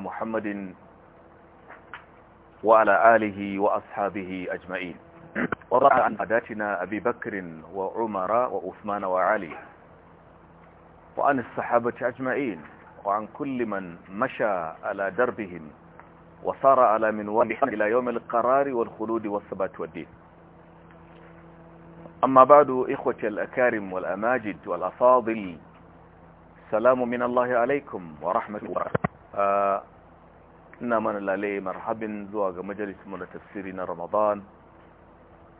محمد وعلى آله وأصحابه أجمعين وضع عن عداتنا أبي بكر وعمر وعثمان وعلي وعن الصحابة أجمعين وعن كل من مشى على دربهم وصار على منوالهم إلى يوم القرار والخلود والثبات والدين أما بعد إخوة الأكارم والأماجد والأفاضل سلام من الله عليكم ورحمة الله ina mana lalai marhabin zuwa ga majalisunmu na tafsiri na ramadan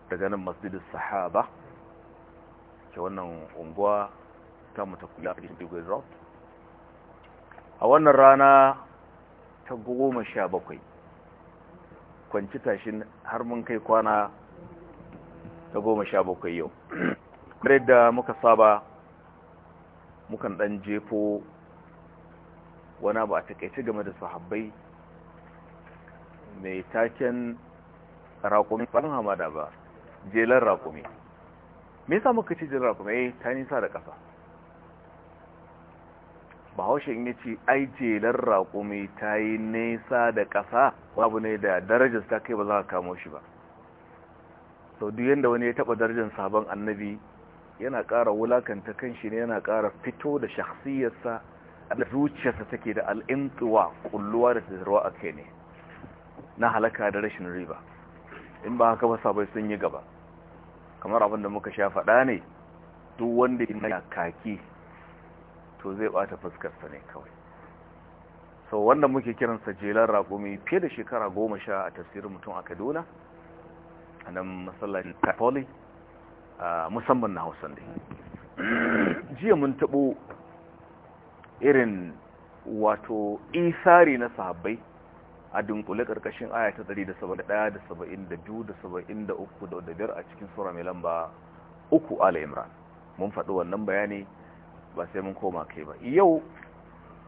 daga nan masjidin sahaba ke wannan unguwa ta mutakula a cikin road a wannan rana ta goma sha bakwai kwanci tashin har mun kai kwana ta goma sha bakwai yau da muka saba mukan dan jefo wana ba a takaice game da sahabbai mai taken rakumi? ba hamada ba jelar raƙumi me samu muka jelar raƙumi eh, ta nisa da ƙasa haushe in ce ai jelar raƙumi ta yi nesa da ƙasa abu ne da darajar ta kai ba za a kamo shi ba sau duk yadda wani ya taba darajar sabon annabi yana ƙara wulakanta kan shi ne yana ƙara fito da shakhsiyarsa zuciyarsa take da al'intuwa kulluwa da tsirwa a kai ne na halaka da rashin riba in ba haka ba sabai sun yi gaba kamar abin da muka sha faɗa ne duk wanda na kaki to zai bata fuskarsa ne kawai so wanda muke kiransa jelar raƙumi fiye da shekara goma sha a tasirin mutum a kaduna a nan matsalin a musamman na hausa ne jiya mun taɓo irin wato isari na sahabbai a dunkule karkashin aya ta 171 da 72 da 73 da 5 a cikin sura mai lamba uku ala imran mun faɗi wannan bayani ba sai mun koma kai ba yau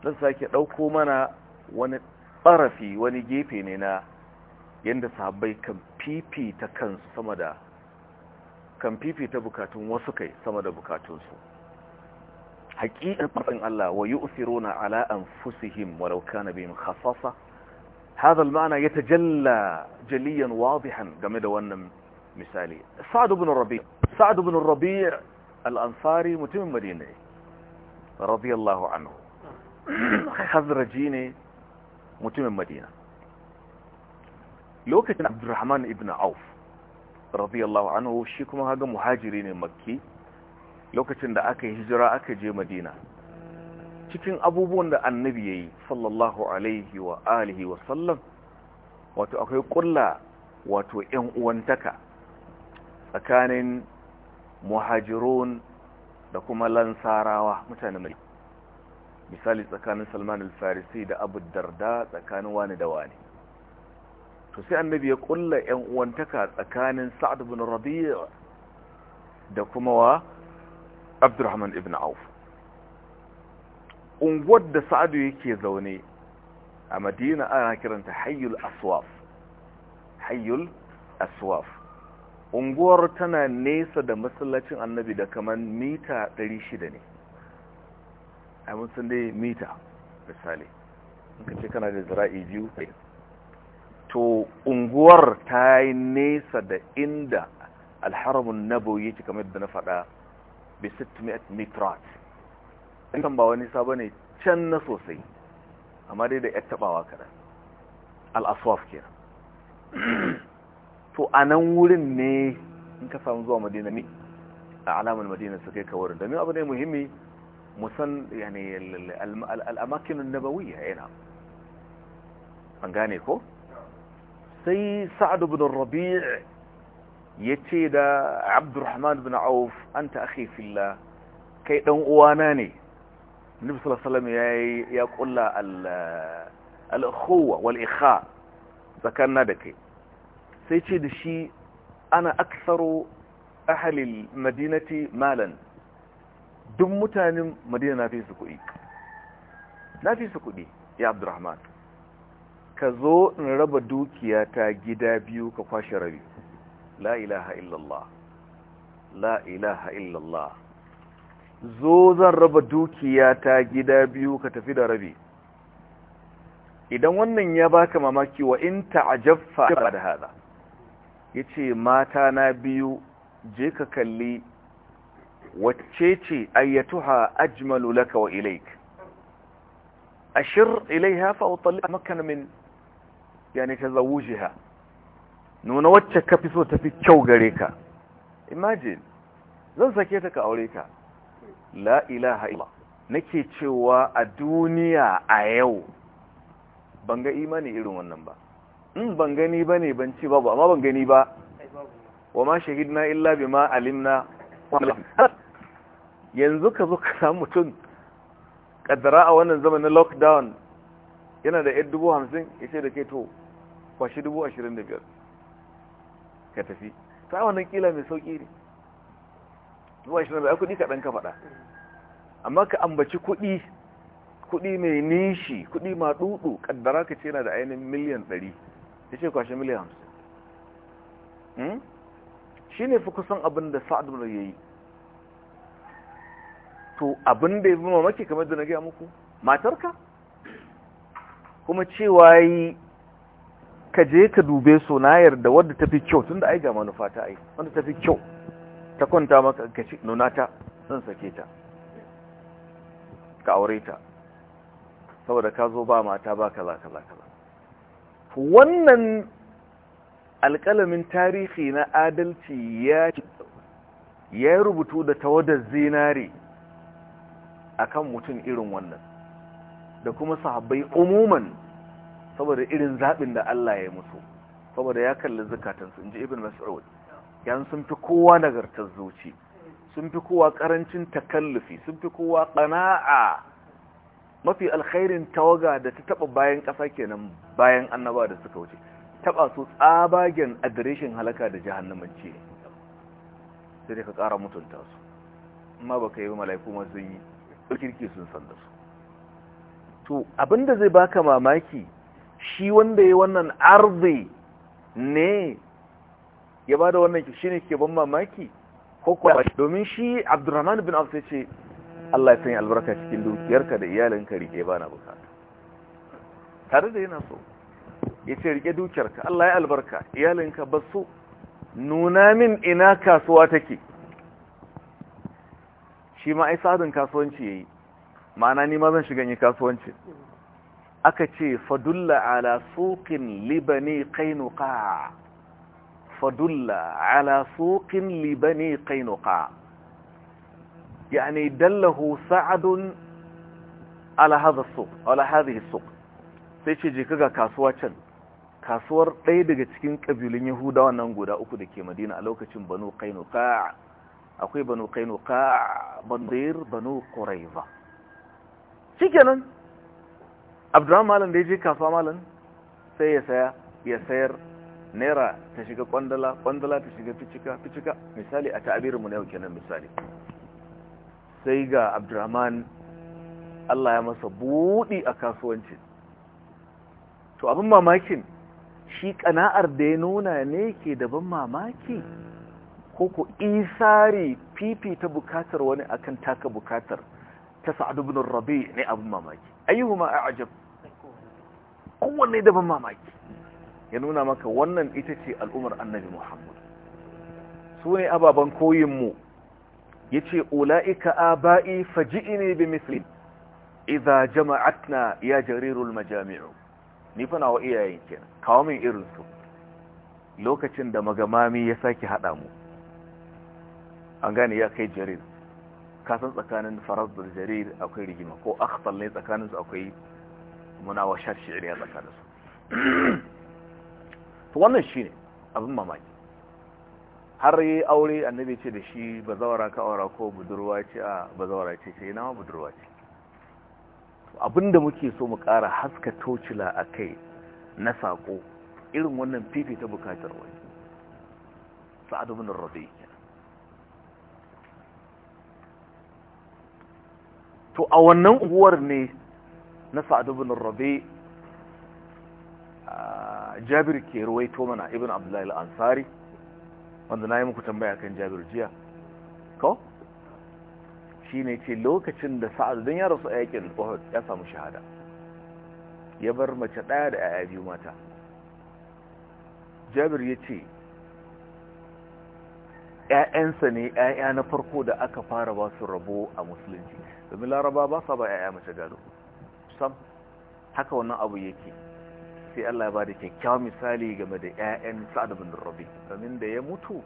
zan sake ɗauko mana wani ɓarafi wani gefe ne na yadda sahabbai kan fifita kansu sama da kan ta bukatun wasu kai sama da bukatunsu haƙiƙar faɗin Allah wa wa rauka anfusihim walau kana hazal ma'ana ya ta jalla jaliyan واضحا game da wannan misali sa'adu bin Rabi' Sa'd Rabi' mutumin Madina radiyallahu anhu hazraji ne mutumin Madina lokacin Abdurrahman ibn Auf radiyallahu anhu shi kuma haga muhajiri ne Makki lokacin da aka yi hijira aka je madina cikin abubuwan da annabi ya yi sallallahu alaihi wa alihi wa sallam wato akwai kulla wato ‘yan uwantaka tsakanin muhajirun da kuma lansarawa mutane mai misali tsakanin salman al-farisi da abu darda tsakanin wani da wani to sai annabi ya kulla ‘yan uwantaka tsakanin sa'ad bin rabi'a da kuma wa abdurrahman ibn auf unguwar da sa'adu yake zaune a madina ana kiranta hayyul aswaf hayyul aswaf unguwar tana nesa da masallacin annabi da kamar mita 600 ne a mutum dai mita misali ka ce kana da zira'i biyu to unguwar ta yi nesa da inda alharamun nabo yake kamar da na faɗa bi 600 mitrat kan ba wani sabo ne can na sosai amma dai da tabawa taɓawa al-aswaf kenan to a nan wurin ne in ka samu zuwa madina ne a alamar madina su kai ka wurin domin abu ne muhimmi musan yani al'amakinun nabawiyya yana an gane ko sai sa'ad ibn rabi' ya ce da abdurrahman bin auf an ta ake filla kai ɗan uwana ne nufi salasalam ya ƙulla al'akhowa wal'iha tsakanna da kai sai ce da shi ana aksaro halin madinati malan duk mutanen madina na fi su kuɗi na fi su kuɗi ya abdurrahman ka zo in raba dukiya ta gida biyu ka kwashe rabi la ilaha illallah la ilaha illallah zo zan raba dukiya ta gida biyu ka tafi da rabi idan wannan ya baka mamaki wa in ta'ajaffa da hada yace mata na biyu je ka kalli wacce ce ayyatuha ajmalu laka wa ilaik ashir ilaiha fa utalliqa makkana min yani tazawujiha nuna wacce ka fi so ta fi kyau gare ka imagine zan sake ta ka aure ka la ilaha illa nake cewa a duniya a yau ban ga imani irin wannan ba in ban gani bane ban ci babu amma ban gani ba wa ma shahidna illa bima alimna yanzu ka zo ka samu mutum kaddara a wannan zamanin lockdown yana da 1,050 yace da ke to kwashi 25,000 ka tafi ta wannan kila mai sauki ne zuwa shi na kudi kaɗan ka faɗa amma ka ambaci kuɗi. Kuɗi mai nishi kuɗi ma dudu kaddara ka ce na da ainihin miliyan ɗari. ya ce kwashe miliyan 50 hmm? shi ne fi kusan abin da sa'ad ya yi to abin da ya fi mamaki kamar da na gaya muku matarka kuma cewa yi ka je ka dube su na yarda wadda ta fi kyau tun da ai ga manufa ta ai wadda ta fi kyau ta kwanta maka ka ci nuna ta zan sake ta ka aure ta saboda ka zo ba mata ba kaza kaza kaza wannan alƙalamin tarihi na adalci ya ya rubutu da tawadar zinare akan mutum irin wannan da kuma sahabbai umuman saboda irin zaɓin da Allah ya musu saboda ya kalli zukatansu in ji ibn mas'ud yan sun fi kowa nagartar zuci sun fi kowa ƙarancin takallufi sun fi kowa ƙana'a mafi alkhairin tawaga da ta taɓa bayan ƙasa kenan bayan annaba da suka wuce taɓa su tsabagen adireshin halaka da jahannamanci ne sai dai ka ƙara mutunta su amma ba ka yi mala'iku masu yi ɗaukirki sun san da su to abinda zai baka mamaki shi wanda ya wannan arzi ne ya ba da wannan shi ne ke ban mamaki ko kuwa domin shi abdurrahman bin sai ce Allah ya sanya albarka cikin dukiyarka da iyalinka rike ba na bukata tare da yana so ya ce rike dukiyarka Allah ya albarka iyalinka ba so nuna min ina kasuwa take shi ma ai sadin kasuwanci yi, ma'ana ni ma zan shiga yi kasuwanci aka ce fadulla ala suqin libani qainuqa fadulla ala suqin libani qainuqa yani dallahu sa'adun ala hadha suq ala hadhihi suq sai ce je kaga kasuwa can kasuwar ɗaya daga cikin ƙabilun yahudawa nan guda uku da ke madina a lokacin banu qainuqa akwai banu qainuqa bandir banu quraiza shikenan abdurrahman malam da ya je kasuwa malam sai ya saya ya sayar naira ta shiga kwandala kwandala ta shiga ficika ficika misali a ta'abirin mu na yau kenan misali sai ga abdurrahman Allah ya masa buɗi a kasuwanci to abin mamakin shi kana'ar da ya nuna ne ke daban mamaki ko ku isari fifi ta bukatar wani akan taka bukatar ta Sa'adu bin rabi ne abin mamaki ayyuhuma a'jab kowanne da ban mamaki ya nuna maka wannan ita ce al'umar annabi muhammad su ne ababen koyinmu ya ce ula'ika aba'i ne bi iza jama'at jama'atna ya jarirul majami'u ni fana wa iyayen kenan kawo min irinsu lokacin da magamami ya sake haɗa mu an gane ya kai jarir kasan tsakanin faras da jarir akwai rigima ko akhtal ne tsakaninsu akwai munawashar shi'riya tsakanin su to wannan shi ne abin mamaki har yi aure annabi ce da shi ba zaura ka aura ko budurwa ce a zaura ce ce ina budurwa ce abinda muke so mu kara haska tocila a kai na sako irin wannan fifi ta bukatar wani sa'ad ibn rabi to a wannan uwar ne na sa'ad ibn rabi jabir ke ruwaito mana ibn abdullahi al-ansari wanda na yi muku tambaya kan jabir jiya ko shi ne ce lokacin da sa'ad don ya rasu a yakin uhud ya samu shahada ya bar mace ɗaya da 'ya'ya biyu mata jabir ya ce ‘ya'yansa ne ‘ya'ya na farko da aka fara ba su rabo a musulunci domin laraba ba sa ba ‘ya'ya mace gado sam haka wannan abu yake sai Allah ya bada kyakkyawan misali game da ƴaƴan Sa'ad bin Rabi domin da ya mutu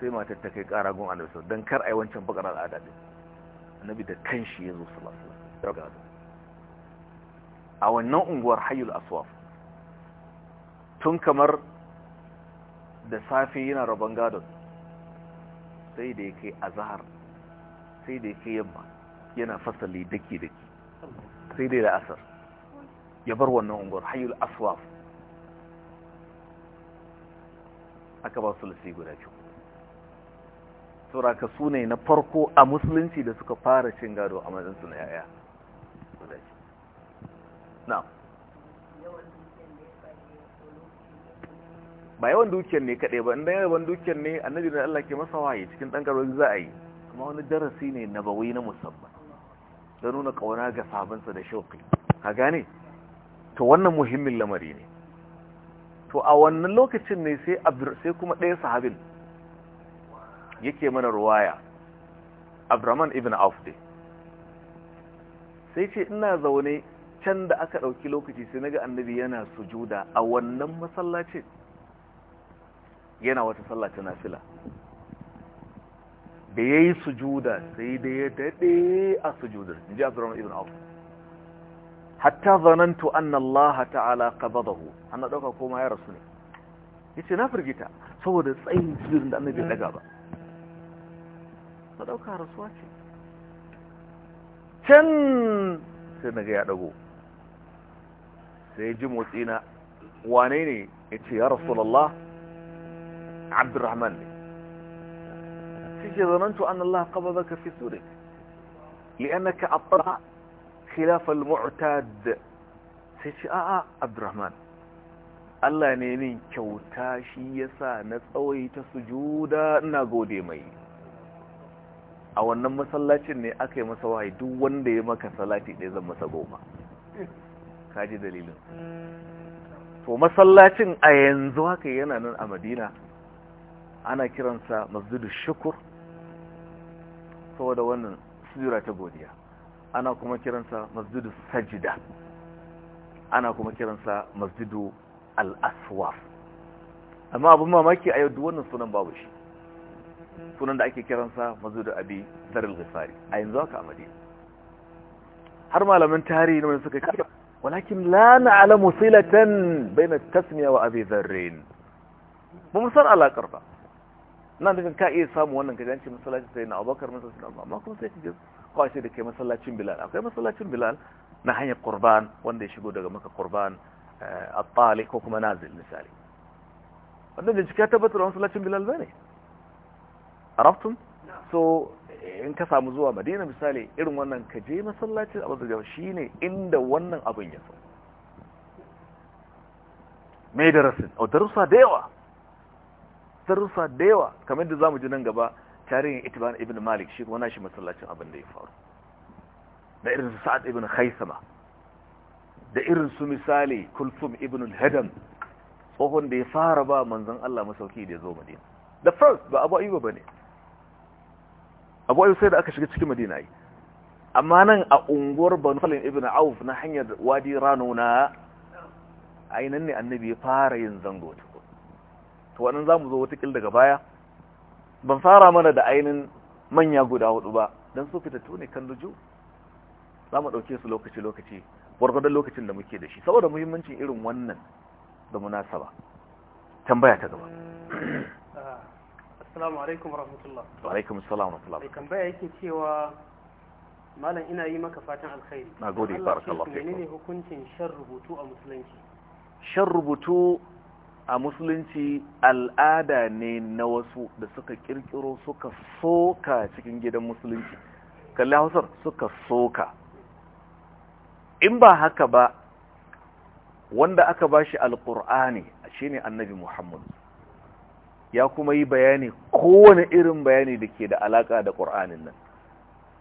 sai matar ta kai ƙara gun Annabi don kar ai wancan bakar al'ada din Annabi da kanshi ya zo sallallahu alaihi wasallam a wannan unguwar Hayyul Aswaf tun kamar da safe yana rabon gado sai da yake azhar sai da yake yamma yana fasali daki daki sai dai da asar ya bar wannan unguwar hayul aswaf aka ba su lissi guda biyu sauraka su ne na farko a musulunci da suka fara cin gado a matsinsu na yaya na ba yawan dukiyar ne kaɗai ba inda yawan dukiyar ne annabi da Allah ke masa waye cikin ɗan ƙarfi za a yi kuma wani darasi ne na bawai na musamman da nuna kauna ga sabonsa da shauƙi ka gane to wannan muhimmin lamari ne to a wannan lokacin ne sai sai kuma ɗaya sahabin yake mana ruwaya abdurrahman ibn auf sai ce ina zaune can da aka ɗauki lokaci sai naga annabi yana sujuda a wannan masallacin yana wata sallah ta nafila da ya yi sujuda sai da ya daɗe a sujudar in ji abdurrahman ibn abu hatta zanantu an allaha ta'ala qabadahu an na ɗauka koma ya rasu ne yace na firgita saboda tsayin sujudin da annabi daga ba na ɗauka rasuwa ce can sai na ga ya ɗago sai ji motsi na wane ne ya ce ya rasulallah abdurrahman ne تيجي ظننت ka fi قبضك في سورك لأنك أطلع خلاف المعتاد تيجي آآ آه عبد الرحمن Allah ne min kyauta shi yasa na tsawaita sujuda ina gode mai a wannan masallacin ne aka yi masa wahayi duk wanda ya maka salati ɗaya zan masa goma kaji dalilin to masallacin a yanzu haka yana nan a madina ana kiransa masjidu shukur saboda wannan sujura ta godiya ana kuma kiransa masjidu sajida ana kuma kiransa masjidu al-aswaf amma abin mamaki a yau wannan sunan babu shi sunan da ake kiransa masjidu abi zar al-ghifari a yanzu haka a madina har malaman tarihi ne suka kai walakin la na'lamu silatan bayna at-tasmiya wa abi zarrin mun san alaqar ba nan daga ka iya samu wannan ka janci masallacin sai na abubakar masallacin abu amma kuma sai ka kawai sai da ke masallacin bilal akwai masallacin bilal na hanyar kurban wanda ya shigo daga maka kurban eh, a tsali ko kuma nazil misali wanda da cikin tabbatar da masallacin bilal a raftun so in ka samu zuwa madina misali irin wannan ka je masallacin abu da ne inda wannan abin ya so mai darasin o oh, darussa da yawa darussa da yawa kamar da zamu ji nan gaba tarihin Itban ibn Malik shi kuma nashi masallacin abin da ya faru da irin su Sa'ad ibn Khaisama da irin su misali Kulthum ibn al-Hadam tsohon da ya fara ba manzon Allah masauki da ya zo Madina the first ba Abu Ayyub bane Abu Ayyub sai da aka shiga cikin Madina ai amma nan a unguwar Banu Khalid ibn Auf na hanyar Wadi Ranuna ainihin ne annabi ya fara yin zango to to wannan zamu zo wata daga baya ban fara mana da ainin manya guda hudu ba dan su fitatu ne kan duju zamu dauke su lokaci lokaci gurgurdan lokacin da muke da shi saboda muhimmancin irin wannan da munasaba tambaya ta gaba assalamu alaikum warahmatullah wa alaikum assalam warahmatullah mai tambaya yake cewa malam ina yi maka fatan alkhairi nagode barakallahu fiik menene hukuncin shan rubutu a musulunci shan rubutu a musulunci al'ada ne na wasu da suka kirkiro suka soka cikin gidan musulunci kalli hausar suka soka in ba haka ba wanda aka ba shi alƙur'ani shi ne annabi muhammadu ya kuma yi bayani kowane irin bayani da ke da alaƙa da ƙur'anin nan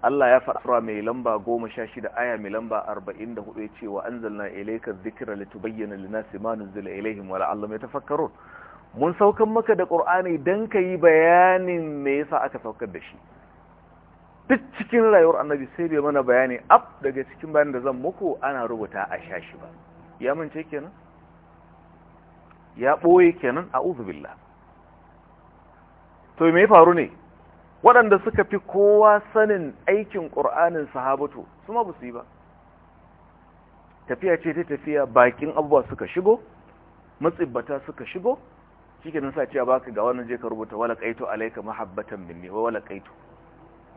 Allah ya fara mai lamba goma sha shida aya mai lamba arba'in da hudu ya ce wa an zalna ilaika zikira litubayyana lina simanin nuzila ilaihim wa mai tafakkaro mun saukan maka da qur'ani dan yi bayanin me yasa aka saukar da shi duk cikin rayuwar annabi sai bai mana bayani ab daga cikin bayanin da zan muku ana rubuta a sha shi ba ya mance kenan ya boye kenan uzu billah to me faru ne waɗanda suka fi kowa sanin aikin ƙur'anin sahabatu su ma ba su yi ba tafiya ce ta tafiya bakin abubuwa suka shigo matsibbata suka shigo shi ke nasa ba baka ga wannan je ka rubuta wala kaitu alaika mahabbatan minni wa wala kaito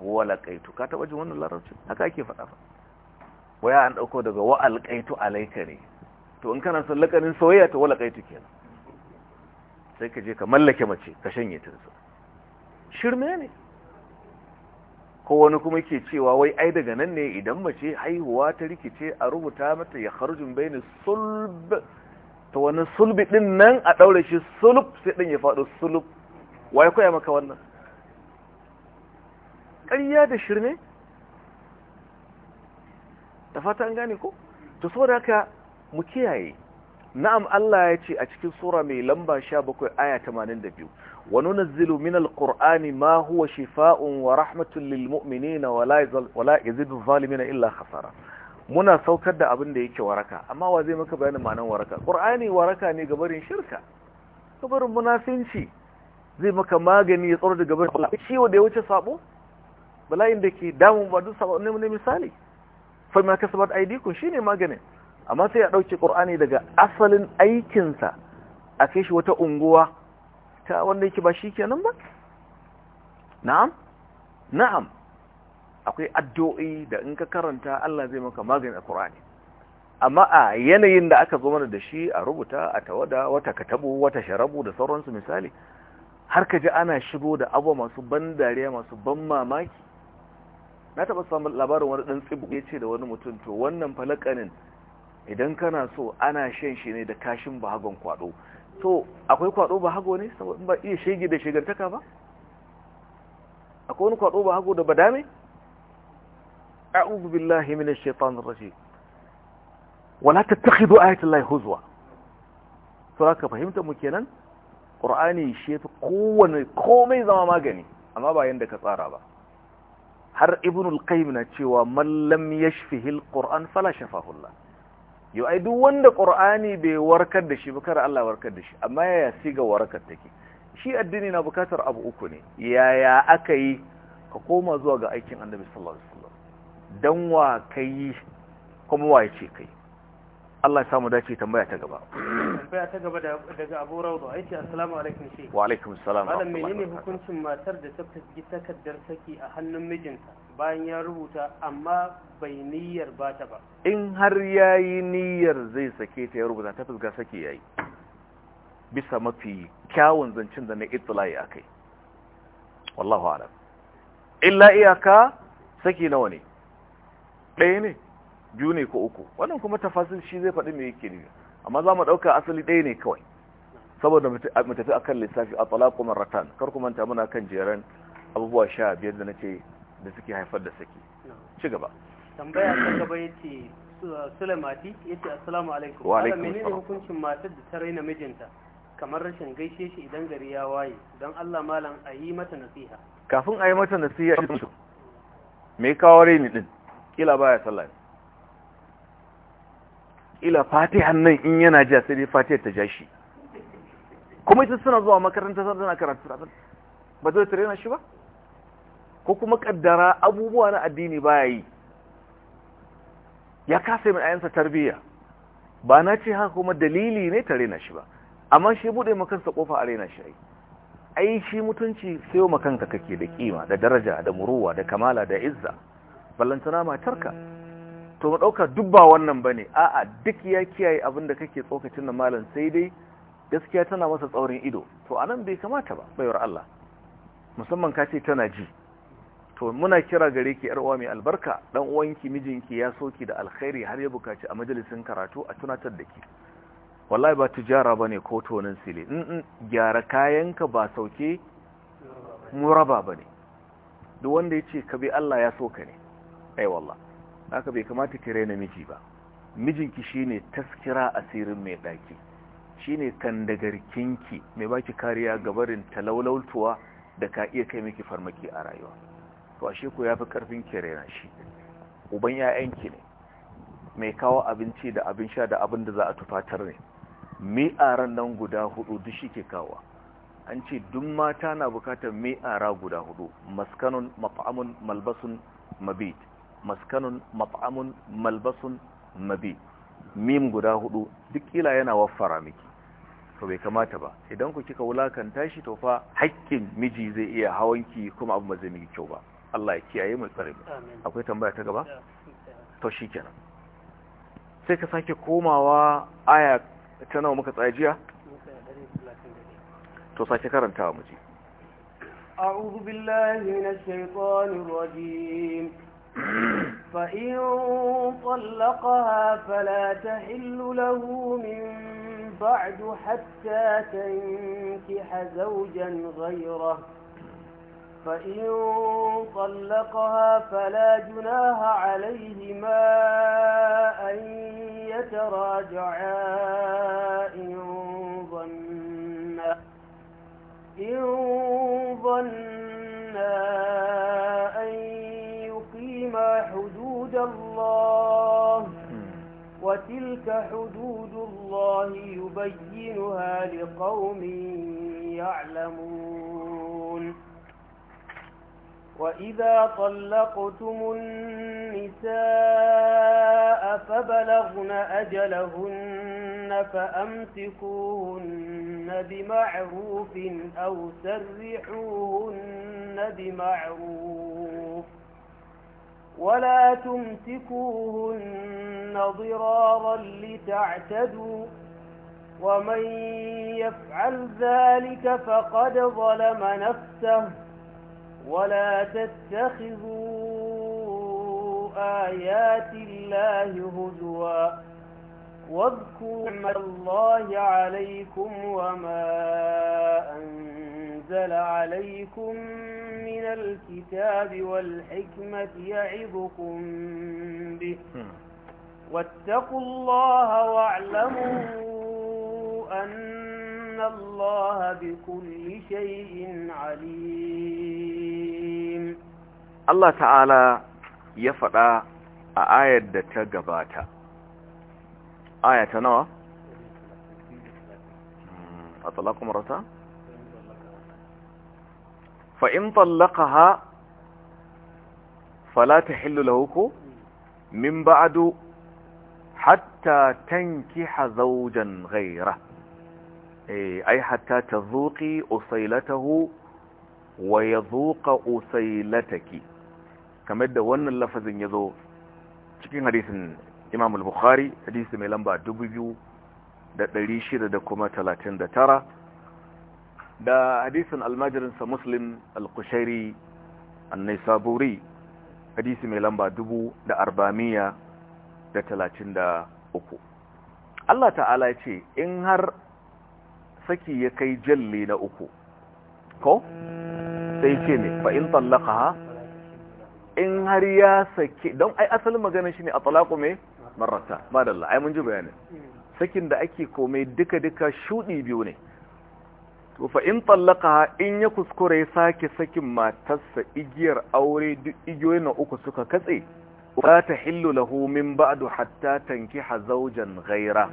wala kaito ka taba jin wannan larabci haka ake faɗa ba waya an ɗauko daga wa alqaitu alaika ne to in kana son lakanin soyayya ta wala kaito kenan sai ka je ka mallake mace ka shanye ta shirme ne ko wani kuma ke cewa wai ai daga nan ne idan mace haihuwa ta rikice a rubuta mata ya harjun bayani sulb ta wani sulbi din nan a daure shi sulb sai din ya fadu sulb wai koya maka wannan ƙarya da shirme da fata an gane ko to saboda haka mu kiyaye na'am Allah ya ce a cikin sura mai lamba 17 aya 82 وننزل من القرآن ما هو شفاء ورحمة للمؤمنين ولا يزيد الظالمين إلا خسارة muna saukar da abin da yake waraka amma wa zai maka bayanin ma'anar waraka qur'ani waraka ne gabarin shirka gabarin munafinci zai maka magani ya tsoro da gabarin Allah ciwo da ya wuce sabo bala'in da ke damu ba duk sabo ne ne misali fa ma kasabat aidikum shine maganin amma sai ya dauke qur'ani daga asalin aikin sa a kai shi wata unguwa ta wanda yake ba shi kenan ba na'am na'am akwai addu'o'i da in ka karanta Allah zai maka magani a Qur'ani amma a yanayin da aka zo mana da shi a rubuta a tawada wata katabu wata sharabu da sauransu misali har ka ji ana shigo da abu masu ban dariya masu ban mamaki na taba samun labarin wani dan tsibu ya ce da wani mutum to wannan falakanin idan kana so ana shan shi ne da kashin bahagon kwado to akwai kwado ba hago ne saboda ba iya shege da shegartaka ba akwai wani kwado ba hago da badame a'udhu billahi minash shaitanir rajim wala tattakhidhu ayatallahi huzwa to haka fahimta mu kenan qur'ani shi yafi kowane komai zama magani amma ba yanda ka tsara ba har ibnul qayyim na cewa man lam yashfihi alquran fala shafahu Allah yau ai duk wanda qur'ani bai warkar da shi ba Allah warkar da shi amma yaya ga warkar take shi addini na bukatar abu uku ne yaya aka yi ka koma zuwa ga aikin annabi sallallahu alaihi wasallam dan wa kai kuma wa ce kai Allah ya samu dace tambaya ta gaba tambaya ta gaba daga Abu Rawdu aiki assalamu alaikum shi wa alaikum assalam malam menene hukuncin matar da ta fitgi takardar saki a hannun mijinta bayan ya rubuta amma bai niyyar ba ta ba in har yayi niyyar zai sake ta ya rubuta ta fitga saki yayi bisa mafi kyawun zancen da na itlai akai wallahu a'lam illa iyaka saki nawa ne ɗaya ne biyu ne ko uku wannan kuma tafasil shi zai faɗi me yake ne amma za mu ɗauka asali ɗaya ne kawai saboda mu tafi a kan lissafi a talaku maratan kar ku manta muna kan jeren abubuwa sha biyar da na ce da suke haifar da saki ci gaba tambaya ta gaba ya ce sulamati ya ce assalamu alaikum wa alaikum menene hukuncin matar da ta raina mijinta kamar rashin gaishe shi idan gari ya waye don Allah malam a yi mata nasiha kafin a yi mata nasiha me kawo raini din kila baya sallah ila fatihan nan in yana ja sai dai fatihar ta ja shi kuma ita suna zuwa makaranta suna karatu abin ba zai tare shi ba ko kuma kaddara abubuwa na addini baya yi ya kasa mai ayansa tarbiyya ba na ce haka kuma dalili ne tare na shi ba amma shi bude makansa kofa a raina shi ai shi mutunci sai wa makanka kake da kima da daraja da muruwa da kamala da izza ballantana matarka to mu ɗauka duk ba wannan ba ne a'a duk ya kiyaye abin da kake tsokacin da malam sai dai gaskiya tana masa tsaurin ido to a nan bai kamata ba baiwar Allah musamman ka ce tana ji to muna kira gare ki yar uwa mai albarka dan uwanki mijinki ya soki da alkhairi har ya bukaci a majalisin karatu a tunatar da ki wallahi ba tijara bane ko tonin sile in gyara kayan ka ba sauke muraba bane duk wanda yace ka bi Allah ya soka ne ai wallahi haka bai kamata ki raina miji ba mijinki shine taskira asirin mai daki shine kandagarkinki mai baki kariya ga ta talaulaultuwa da ka iya kai miki farmaki a rayuwa to ashe ko yafi karfin ki raina shi uban 'ya'yanki ne mai kawo abinci da abin sha da abin da za a tufatar ne mi'aran nan guda hudu duk shi ke kawo an ce duk mata na bukatar mi'ara guda hudu maskanun maf'amun malbasun mabit maskanun mat'amun malbasun mabi mim guda hudu duk kila yana waffara miki to bai kamata ba idan ku kika wulakanta shi to fa haƙƙin miji zai iya hawanki kuma abu ba zai miki kyau ba Allah ya kiyaye mu tsare akwai tambaya ta gaba to shikenan sai ka sake komawa aya ta nawa muka tsajiya to sake karantawa mu ji أعوذ بالله من الشيطان الرجيم فإن طلقها فلا تحل له من بعد حتى تنكح زوجا غيره فإن طلقها فلا جناها عليهما أن يتراجعا إن ظنا إن ظنا وتلك حدود الله يبينها لقوم يعلمون وإذا طلقتم النساء فبلغن أجلهن فأمسكوهن بمعروف أو سرحوهن بمعروف ولا تمسكوهن ضرارا لتعتدوا ومن يفعل ذلك فقد ظلم نفسه ولا تتخذوا آيات الله هزوا واذكروا الله عليكم وما أنتم أنزل عليكم من الكتاب والحكمة يعظكم به واتقوا الله واعلموا أن الله بكل شيء عليم الله تعالى يفرأ آية تقباتها آية نوى أطلقوا مرة fa in ha fala tahillu lahu ko min ba'du hatta tankiha ki ghayra gaira eh, ai hatta tazuqi usailatahu wa yazuqa usailataki kamar da wannan lafazin yazo cikin hadisin Imam al-Bukhari hadisi mai lamba da tara. da hadisin almajirinsa muslim al-kushairi annai hadisi mai lamba dubu da arbamiya da talatin da uku Allah ta'ala ce in har saki ya kai jalli na uku ko sai ce ne fa in tallaka ha in har ya saki don ai asalin magana shi ne a talaku mai marata madalla ai mun ji bayanin sakin da ake komai duka-duka shuɗi biyu ne to fa in tallaka in ya kuskure ya sake sakin matarsa igiyar aure duk igiyoyin na uku suka katse ba ta hillu lahu min ba'du hatta tankiha zawjan ghaira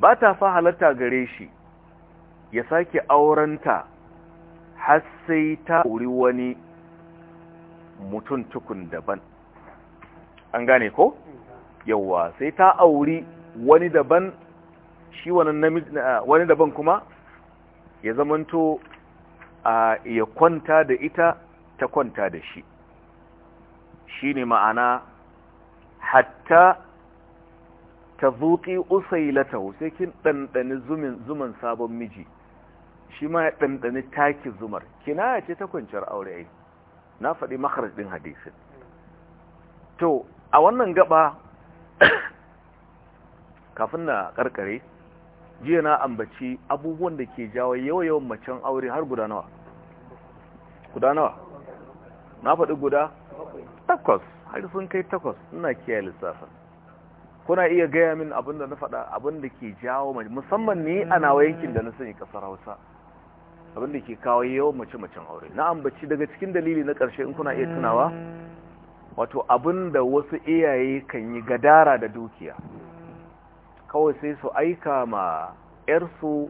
ba ta fa halarta gare shi ya sake aurenta har sai ta auri wani mutum tukun daban an gane ko yawa sai ta auri wani daban shi wani daban kuma ya zamanto a ya kwanta da ita ta kwanta da shi Shi ne ma'ana hatta ta zuƙi usailatahu sai kin ɗanɗani zumin zuman sabon miji shi ma ya ɗanɗani taki zumar ya ce ta kwanciyar aure ai na faɗi makaraj ɗin hadisin to a wannan gaba kafin na ƙarƙare jiya na ambaci abubuwan da ke jawo yawa-yawan macen aure har guda nawa guda nawa na faɗi guda takwas har sun kai takwas ina kiyaye lissafin kuna iya gaya min abin da na faɗa abin da ke jawo mace musamman ni a nawa yankin da na sani ƙasar hausa abin da ke kawo yawan mace-macen aure na ambaci daga cikin dalili na ƙarshe in kuna iya tunawa wato abin da wasu iyaye kan yi gadara da dukiya kawai sai su aika ma 'yarsu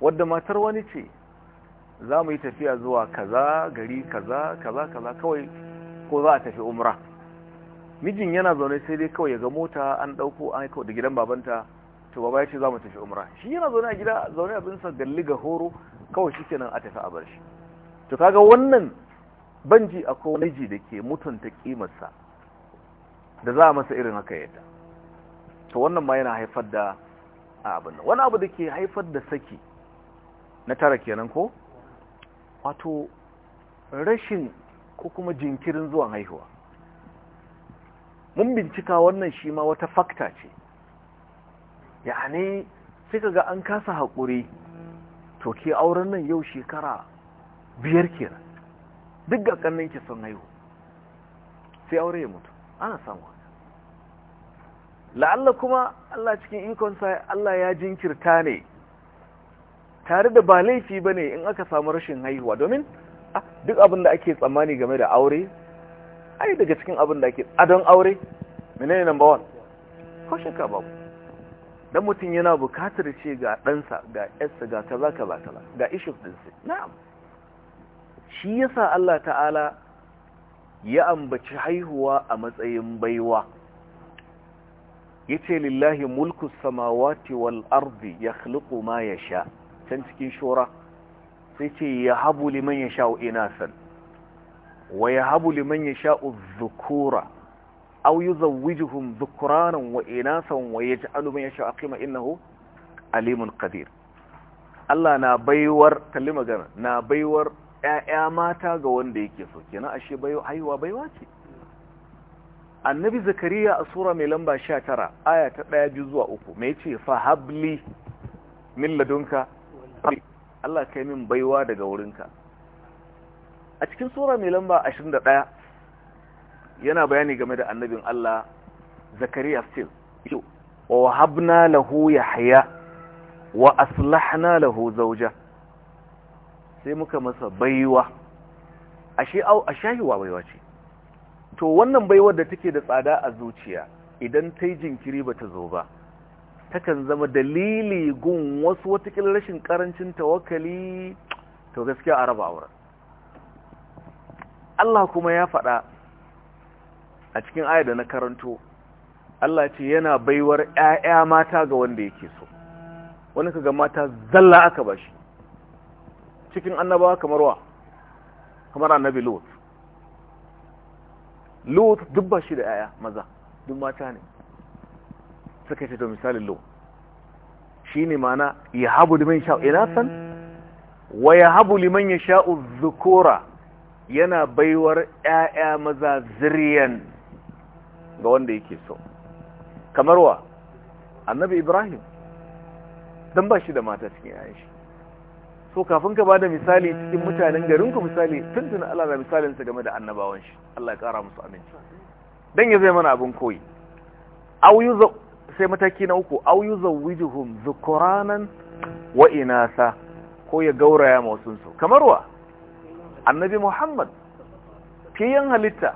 wadda matar wani ce za mu yi tafiya zuwa kaza gari kaza kaza kaza kawai ko za a tafi umra mijin yana zaune sai dai kawai ya ga mota an ɗauko an aika da gidan babanta to baba ya ce za mu tafi umra shi yana zaune a gida zaune abinsa galli ga horo kawai shi kenan a tafi a bar shi to kaga wannan banji akwai miji da ke mutunta kimarsa da za a masa irin haka yadda to wannan ma yana haifar da abin da. wani abu da ke haifar da saki na tara kenan ko wato rashin ko kuma jinkirin zuwan haihuwa mun bincika wannan shi ma wata fakta ce ne sai ga an kasa haƙuri to ke auren nan yau shekara biyar kenan duk ga kannan sun haihu sai aure ya mutu ana samuwa la'alla kuma Allah cikin ikonsa Allah ya jinkirta ne tare da ba laifi ba ne in aka samu rashin haihuwa domin duk abin da ake tsammani game da aure ai daga cikin abin da ake adon aure menene number one ko ka babu dan mutum yana bukatar ce ga ɗansa ga yarsa ga kaza kaza kaza ga issues din sai na'am shi yasa Allah ta'ala ya ambaci haihuwa a matsayin baiwa yace lillahi mulku samawati wal ardi yakhluqu ma yasha can cikin shura sai ce yahabu liman wa inasan wa yahabu liman yasha'u dhukura aw yuzawwijuhum dhukranan wa inasan wa yaj'alu man yasha aqima innahu alimun qadir Allah na baiwar kalli gana na baiwar ƴaƴa mata ga wanda yake so kenan ashe baiwa haihuwa baiwa ce annabi zakariya a sura mai lamba 19 aya ta ɗaya biyu zuwa uku, mai ce fa min ladunka Allah kai min baiwa daga wurinka a cikin sura mai lamba 21 yana bayani game da annabin Allah zakariya still wa wahabna lahu yahya wa aslahna lahu Zauja, sai muka masa baiwa A au baiwa ce to wannan baiwar da take da tsada a zuciya idan ta yi jinkiri ba ta zo ba ta kan zama dalili gun wasu watakil rashin karancin tawakali to gaskiya a raba auren Allah kuma ya faɗa a cikin aya da na karanto Allah ce yana baiwar ‘ya'ya mata ga wanda yake so wani kaga mata zalla aka ba shi cikin annabawa kamar wa kamar annabi lot lot duk ba shi da yaya maza duk mata ne suka ce to misalin lo. shi ne mana ya habu liman sha'u san wa ya habu liman ya sha'u zukura yana baiwar ‘ya'ya maza ziriyan ga wanda yake so kamar wa annabi ibrahim don ba shi da mata cikin yayin shi so kafin ka bada misali mm. cikin mutanen garinku misali tuntun Allah misalin misalinsa game da annabawan shi Allah ya kara musu aminci dan ya zai mana abin koyi sai mataki na uku aw yuzawijuhum zukuranan wa inasa ko ya gauraya ma kamar wa annabi Muhammad fiyan halitta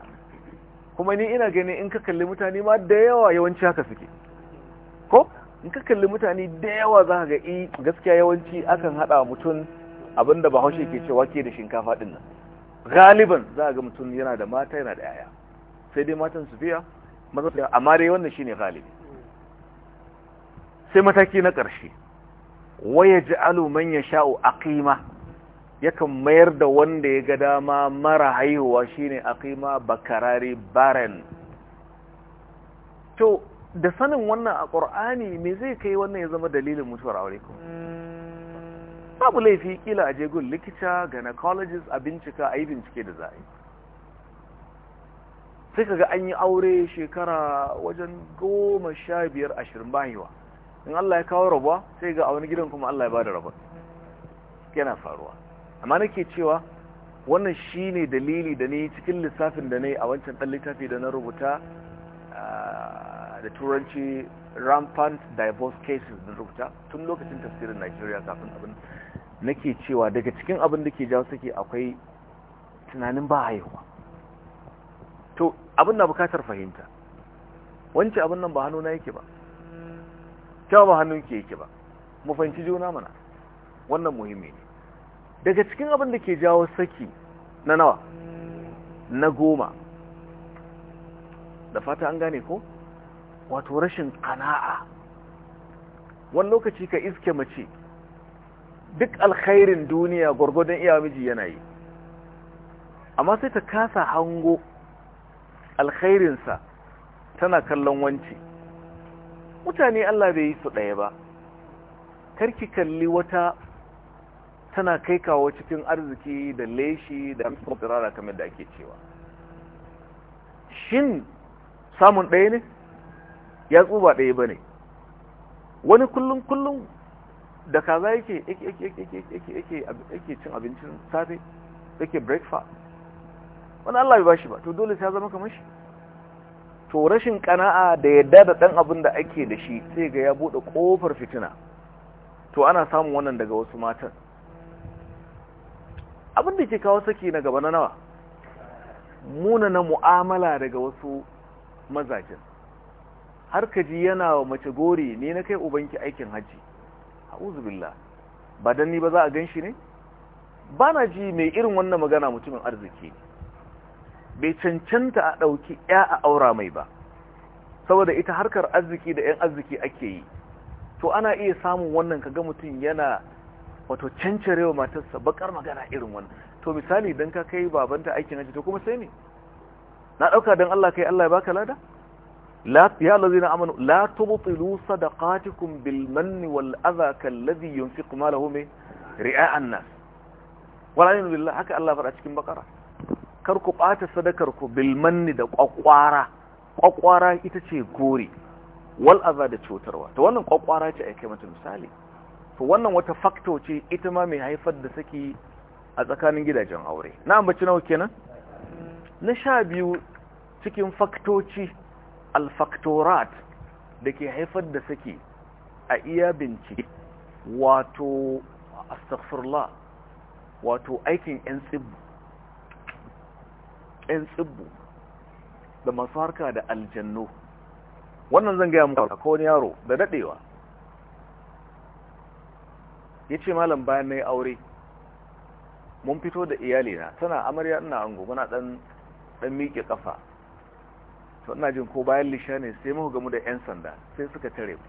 kuma ni ina gani in ka kalli mutane ma da yawa yawanci haka suke ko in ka kalli mutane da yawa za ka ga i eh, gaskiya yawanci akan haɗa mutum abinda bahaushe ke cewa ke da shinkafa din nan galiban za ga mutum yana da mata yana da yaya sai dai matan su biya maza su amma dai wannan shine galibi sai mataki na karshe waya ya man a kima yakan mayar da wanda ya ga dama mara haihuwa shine kima bakarari baran to da sanin wannan a ƙur'ani me zai kai wannan ya zama dalilin mutuwar aure ko hmm. babu laifi kila a je gun likita gynecologist a bincika a yi bincike da za'a yi sai kaga an yi aure shekara wajen goma sha biyar ashirin bayiwa in Allah ya kawo rabuwa sai ga a wani gidan kuma Allah ya bada rabon yana faruwa amma nake cewa wannan shine dalili da ne cikin lissafin da ne a wancan ɗan littafi da na rubuta ah, da turanci rampant divorce cases da rubuta tun lokacin tafsirin Najeriya kafin abin nake cewa daga cikin abin da ke jawo suke akwai tunanin ba haihuwa to abin na bukatar fahimta wance abin nan ba hannu na yake ba kyawa ba hannun ke yake ba mu fahimci juna mana wannan muhimmi ne daga cikin abin da ke jawo saki na nawa na goma da fata an gane ko wato rashin kana'a wani lokaci ka iske mace duk alkhairin duniya gwargwadon iya miji yana yi amma sai ta kasa hango alkhairinsa tana kallon wanci mutane Allah bai yi su ɗaya ba karki kalli wata tana kai kawo cikin arziki da leshi da amfani da kamar da ake cewa shin samun ɗaya ne ya tsuba ɗaya ba ne wani kullum kullum da kaza yake yake cin abincin safe yake breakfast wani Allah bai bashi ba to dole sai ya zama kamar shi to rashin kana'a da yadda da ɗan abin da ake da shi sai ga ya buɗe ƙofar fitina to ana samun wannan daga wasu matan abin da ke kawo saki na gaba na nawa muna na mu'amala daga wasu mazajin har ka ji yana wa mace gori ne na kai ubanki aikin hajji a'udhu ba dan ni ba za a gan shi ne ba na ji mai irin wannan magana mutumin arziki bai cancanta a ɗauki ya a aura mai ba saboda ita harkar arziki da 'yan arziki ake yi to ana iya samun wannan ka kaga mutum yana wato cancarewa matarsa bakar magana irin wannan to misali don ka kai babanta aikin hajji to kuma sai ne na ɗauka don Allah kai Allah ya baka lada لا يا الذين امنوا لا تبطلوا صدقاتكم بالمن والاذى كالذي ينفق ماله من رئاء الناس ولا يؤمن بالله haka Allah fara cikin bakara karku ku bata sadakar ku bilmanni da kwakwara kwakwara ita ce gori wal adha da cutarwa to wannan kwakwara ce ake mata misali to wannan wata factor ce ita ma mai haifar da saki a tsakanin gidajen aure na ambaci nawa kenan na sha biyu cikin faktoci alfaktorat da ke haifar da saki a iya bincike wato astaghfirullah wato aikin 'yan tsibbu 'yan da masu harka da aljannu wannan zan gaya muku ko wani yaro da dadewa ce malam bayan nayi aure mun fito da iyalina tana amarya ina ango ɗan dan dan miƙe kafa to ina jin ko bayan lisha ne sai muka gamu da 'yan sanda sai suka tare mu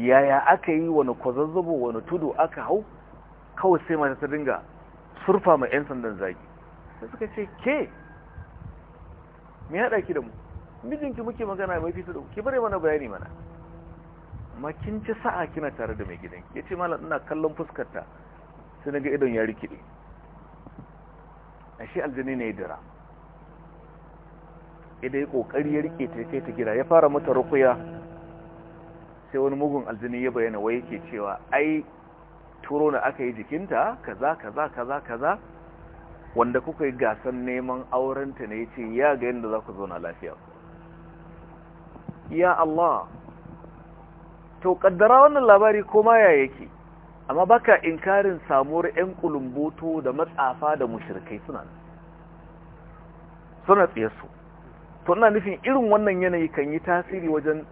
yaya aka yi wani kwazazzabo wani tudu aka hau kawai sai mata ta dinga surfa ma 'yan sandan zagi sai suka ce ke me haɗa ki da mu mijinki muke magana mai fito da ki bare mana bayani mana amma kin ci sa'a kina tare da mai gidan ya ce malam ina kallon fuskarta sai na ga idon ya rikide ashe aljini ne ya dira idan ya kokari ya rike ta kai ta gida ya fara mata rukuya sai wani mugun aljini ya bayyana wai yake cewa ai turo na aka yi jikinta kaza kaza kaza kaza wanda kuka yi gasan neman aurenta ne yace ya ga yanda za ku zauna lafiya ya Allah to kaddara wannan labari koma ya yake amma baka inkarin samuwar ƴan kulumboto da matsafa da mushrikai suna suna tsiye su to na nufin irin wannan yanayi kan yi tasiri wajen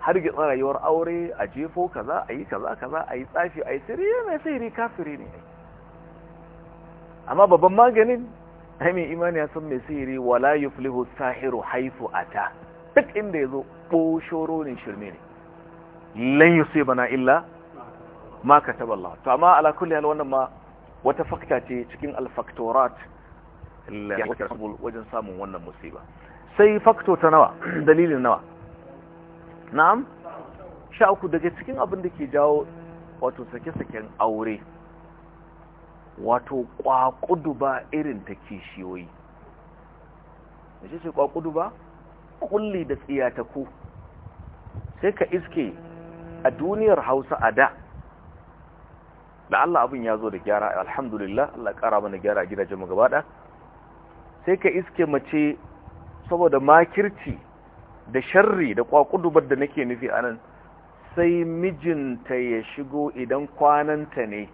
hargitsa rayuwar aure a jefo kaza a yi kaza kaza a yi tsafi a yi sirri eh, mai sirri kafiri ne amma babban maganin haimin imani ya san mai sirri wala fulihu sahiru haifu ata duk inda ya zo ɓoshoro ne shirme ne lan sai bana illa ma kataba Allah to amma alakulli hal wannan ma wata fakta ce cikin alfaktorat wajen samun wannan musiba sai fakto ta nawa dalilin nawa na'am sha uku daga cikin abin da ke jawo wato sake-saken aure wato kwakudu ba irin ta kishiyoyi da shi ce kwakudu ba kulli da tsiyataku sai ka iske a duniyar hausa a da da Allah abin ya zo da gyara alhamdulillah Allah kara mana gyara gidajen mu gaba sai ka iske mace saboda makirci da sharri da kwakudubar da nake nufi anan sai mijinta ya shigo idan kwananta ne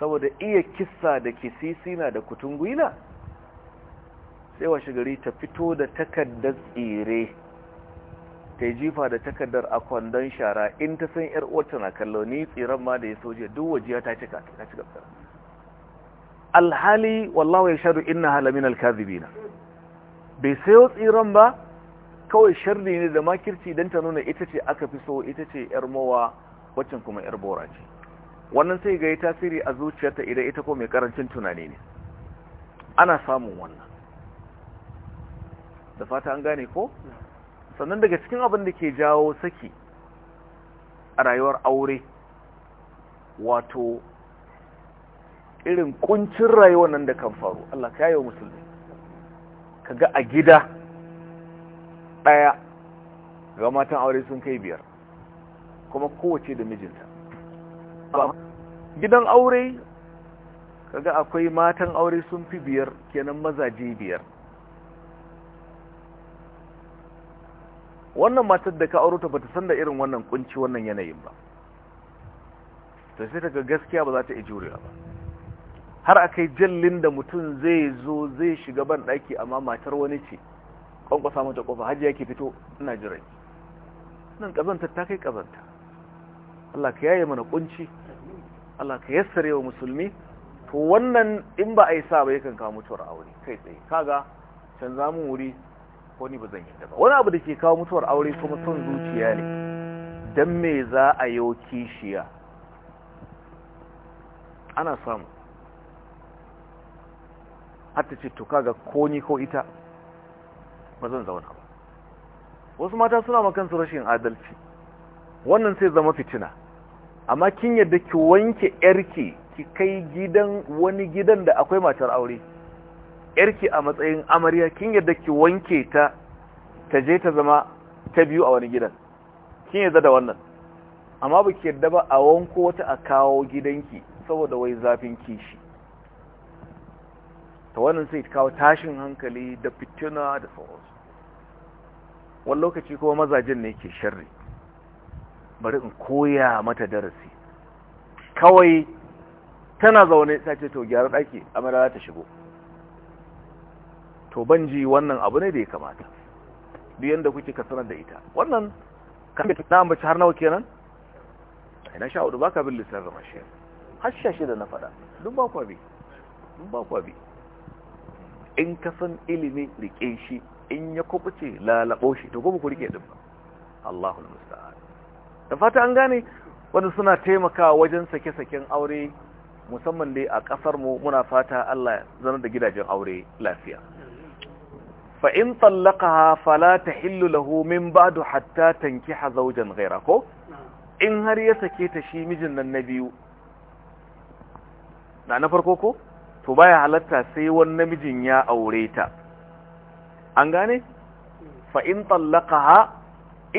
saboda iya kissa da na da gwina sai washe gari ta fito da takardar tsire ta jifa da takardar a kwandon shara in ta san yar uwarta na kallo ni tsiran ma da ya soje duk wajiya ta cika ta cika alhali ya inna halamin alkazibina bai sayo tsiran ba kawai sharri ne da makirci don ta nuna ita ce aka fi so ita ce yar mowa waccan kuma yar bora ce wannan sai ga yi tasiri a zuciyarta idan ita ko mai karancin tunani ne ana samun wannan da fata an gane ko sannan daga cikin abin da ke jawo saki a rayuwar aure wato irin kuncin rayuwar nan da kan faru Allah ka yi wa musulmi kaga a gida ɗaya ga matan aure sun kai biyar kuma kowace da mijinta gidan aure kaga akwai matan aure sun fi biyar kenan mazaje biyar wannan matar da ka auro ta bata san da irin wannan kunci wannan yanayin ba Ta sai ta ga gaskiya ba za ta iya jurewa ba har a kai jallin da mutum zai zo zai shiga ban daki amma matar wani ce kwankwasa mata ƙofa hajji yake fito ina jirai nan kazanta ta kai kazanta Allah ka yaye mana kunci Allah ka yassare wa musulmi to wannan in ba a yi sa ba yakan kawo mutuwar aure kai tsaye kaga canza mu wuri ko ni ba zan yadda ba wani abu da ke kawo mutuwar aure kuma son zuciya ne dan me za a yau kishiya ana samu har ta ce to kaga ko ni ko ita ba zan zauna ba wasu mata suna ma kansu rashin adalci wannan sai zama fitina amma kin yadda ki wanke yarki ki kai gidan wani gidan da akwai matar aure yarki a matsayin amarya kin yadda ki wanke ta ta je ta zama ta biyu a wani gidan kin yadda da wannan amma ba ki yadda ba a wanko wata a kawo gidanki saboda wai zafin kishi ta wannan sai kawo tashin hankali da fituna da sauransu wani lokaci kuma mazajen ne ke sharri bari in koya mata darasi kawai tana zaune ta ce to gyara ɗaki a madara ta shigo to ban ji wannan abu ne da ya kamata duk yadda kuke ka sanar da ita wannan kan da ta ambaci har nawa kenan ina sha hudu baka bin lissafin mashi har sha shida na faɗa duk ba kwa bi duk ba bi in ka san ilimi rike shi in ya kubuce lalabo shi to gobe ku rike din ba Allahul musta'an da fata an gane wanda suna taimakawa wajen sake-saken aure musamman dai a kasar mu muna fata Allah zana da gidajen aure lafiya fa in tallaqaha fala tahillu lahu min ba'du hatta tankiha zawjan ghayra ko in har ya sake ta shi mijin nan na biyu na na farko ko to baya halatta sai wani namijin ya aure ta an gane fain in ha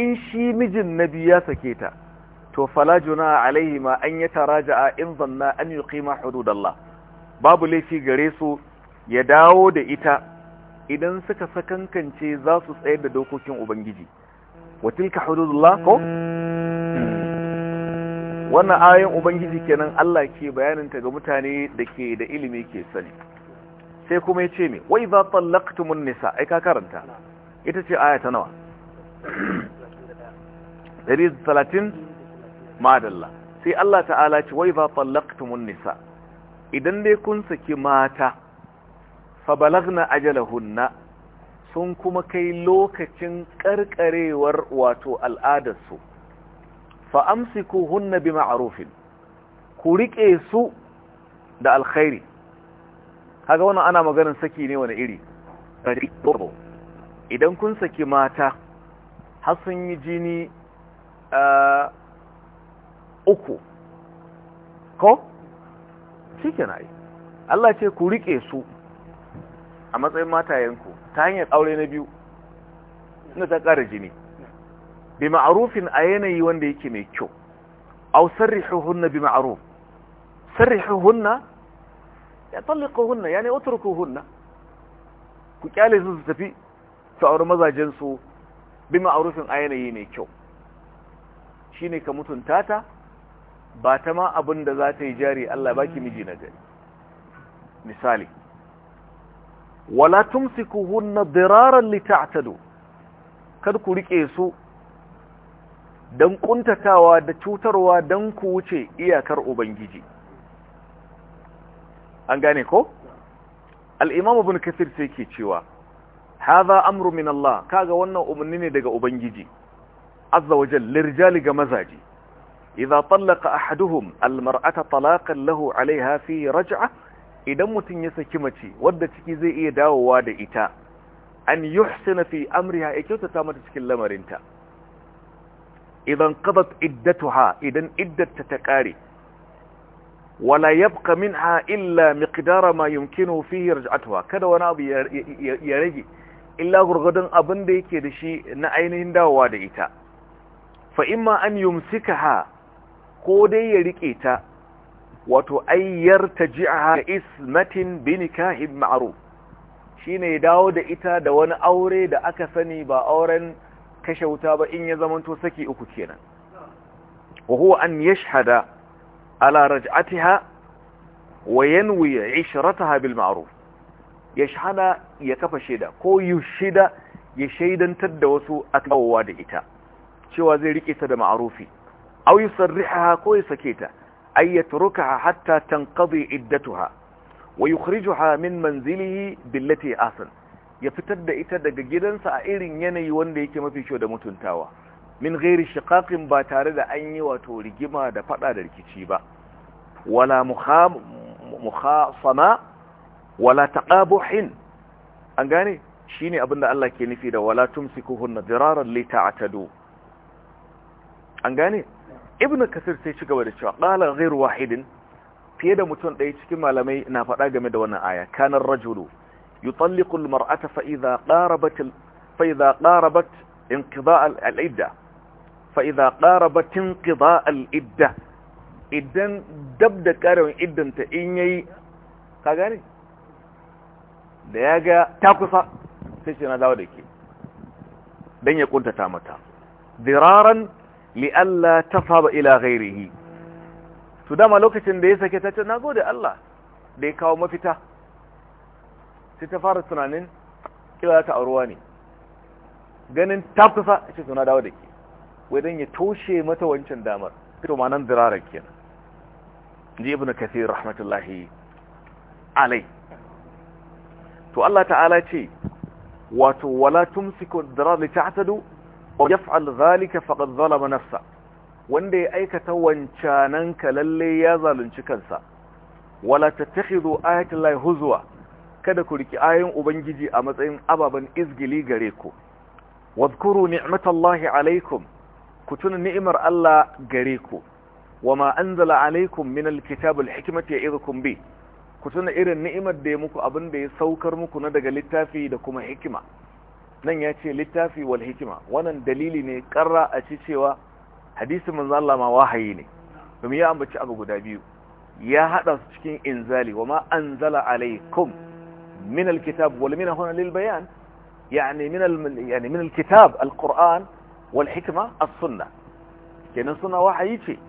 in shi mijin nabi ya sake ta to fala juna alaihi ma an yataraja'a in zanna an yuqima hududallah babu laifi gare su ya dawo da ita idan suka sakankance za su tsayar da dokokin ubangiji wa tilka hududullah ko hmm. wannan ayoyin ubangiji kenan Allah ke bayanin ta ga mutane da ke da ilimi ke sani sai kuma ya ce me wa idza tallaqtumun nisa ai ka karanta ita ce aya ta nawa 130 madalla sai Allah ta'ala ce wa idza tallaqtumun nisa idan dai kun saki mata fa balagna ajalahunna sun kuma kai lokacin karkarewar wato al'adarsu su fa hunna bi ma'rufin ku rike su da alkhairi kaga wannan ana maganar saki ne wani iri idan kun saki mata har sun yi jini uku ko shike na yi Allah ce ku rike su a matsayin matayenku ta hanyar aure na biyu na ta ƙara jini bi ma'arufin a yanayi wanda yake mai kyau au sarrihuhunna bi ma'aruf hunna, ya talliquhunna yani ku kyale su su tafi su auri mazajen su bi ma'arufin a yanayi mai kyau shine ka mutunta ta ba ta ma abin da za ta yi jari Allah baki miji na gari misali wala tumsikuhunna diraran lita'tadu kar ku rike su don kuntatawa da cutarwa don ku wuce iyakar ubangiji an gane ko al-imam Kasir sai ke cewa haza amru min Allah kaga wannan umarni ne daga ubangiji azza wajen lirjali ga mazaji iza talaqa ahaduhum al-mar'ata talakan lahu alai hafi raj'a idan mutum ya saki mace wadda ciki zai iya dawowa da ita an yuhsina fi amriha ya kyautata mata cikin lamarinta idan qadat iddatuha idan iddatta ta kare wala yabqa minha illa miqdara ma yumkinu fihi raj'atuha kada wani abu ya rage illa gurgudun abin da yake da shi na ainihin dawowa da ita fa imma an yumsikaha ko dai ya rike ta wato ayyar taji'aha ismatin bi nikahin ma'ruf shine ya dawo da ita da wani aure da aka sani ba auren kashe wuta ba in ya to saki uku kenan wa huwa an yashhada ala raj'atiha wa yanwi 'ishrataha bil ma'ruf yashhada ya kafa sheda ko yushida ya shaidantar da wasu akawwa da ita cewa zai rike ta da ma'rufi aw yusarrihaha ko ya sake ta ay yatrukaha hatta tanqadi iddatuha wa yukhrijuha min manzilihi billati ahsan ya fitar da ita daga gidansa a irin yanayi wanda yake mafi kyau da mutuntawa min ghairi shiqaqin ba tare da an yi wato rigima da fada da rikici ba wala mukhasama wala taqabuhin an gane shine abinda Allah ke nufi da wala tumsikuhunna diraran li ta'tadu an gane ibn kasir sai ci gaba da cewa qala ghairu wahidin fiye da mutum ɗaya cikin malamai na faɗa game da wannan aya kanar rajulu يطلق المرأة فإذا قاربت فإذا قاربت انقضاء العدة فإذا قاربت انقضاء العدة idan dab da karin iddanta in yayi ka gane da ya ga ta kusa sai shi na dawo da ke don ya kuntata mata ziraran allah ta saba ila gairihi su dama lokacin da ya sake ta ce na gode Allah da ya kawo mafita sai ta fara tunanin kila ta auruwa ne ganin ta kusa ce suna da ke ya toshe mata wancan damar fito ma nan zirarar kenan ji ibn kathir rahmatullahi alai to Allah ta'ala ce wato wala tumsiku dirar li ta'tadu wa yaf'al zalika faqad zalama nafsa wanda ya aikata wancanan ka lalle ya zalunci kansa wala tafi ayati llahi huzwa kada ku riki ayoyin ubangiji a matsayin ababen izgili gare ku wadhkuru ni'matallahi alaikum ku tuna ni'imar Allah gare ku wama anzala alaikum min alkitab alhikmati ya'idukum bi ku tuna irin ni'imar da ya muku abin da ya saukar muku na daga littafi da kuma hikima nan ya ce littafi wal hikima wannan dalili ne karra a ci cewa hadisi manzo Allah ma wahayi ne domin ya ambaci abu guda biyu ya haɗa su cikin inzali wama anzala alaikum من الكتاب والمنى هنا للبيان يعني من يعني من الكتاب القرآن kenan suna wahayi ce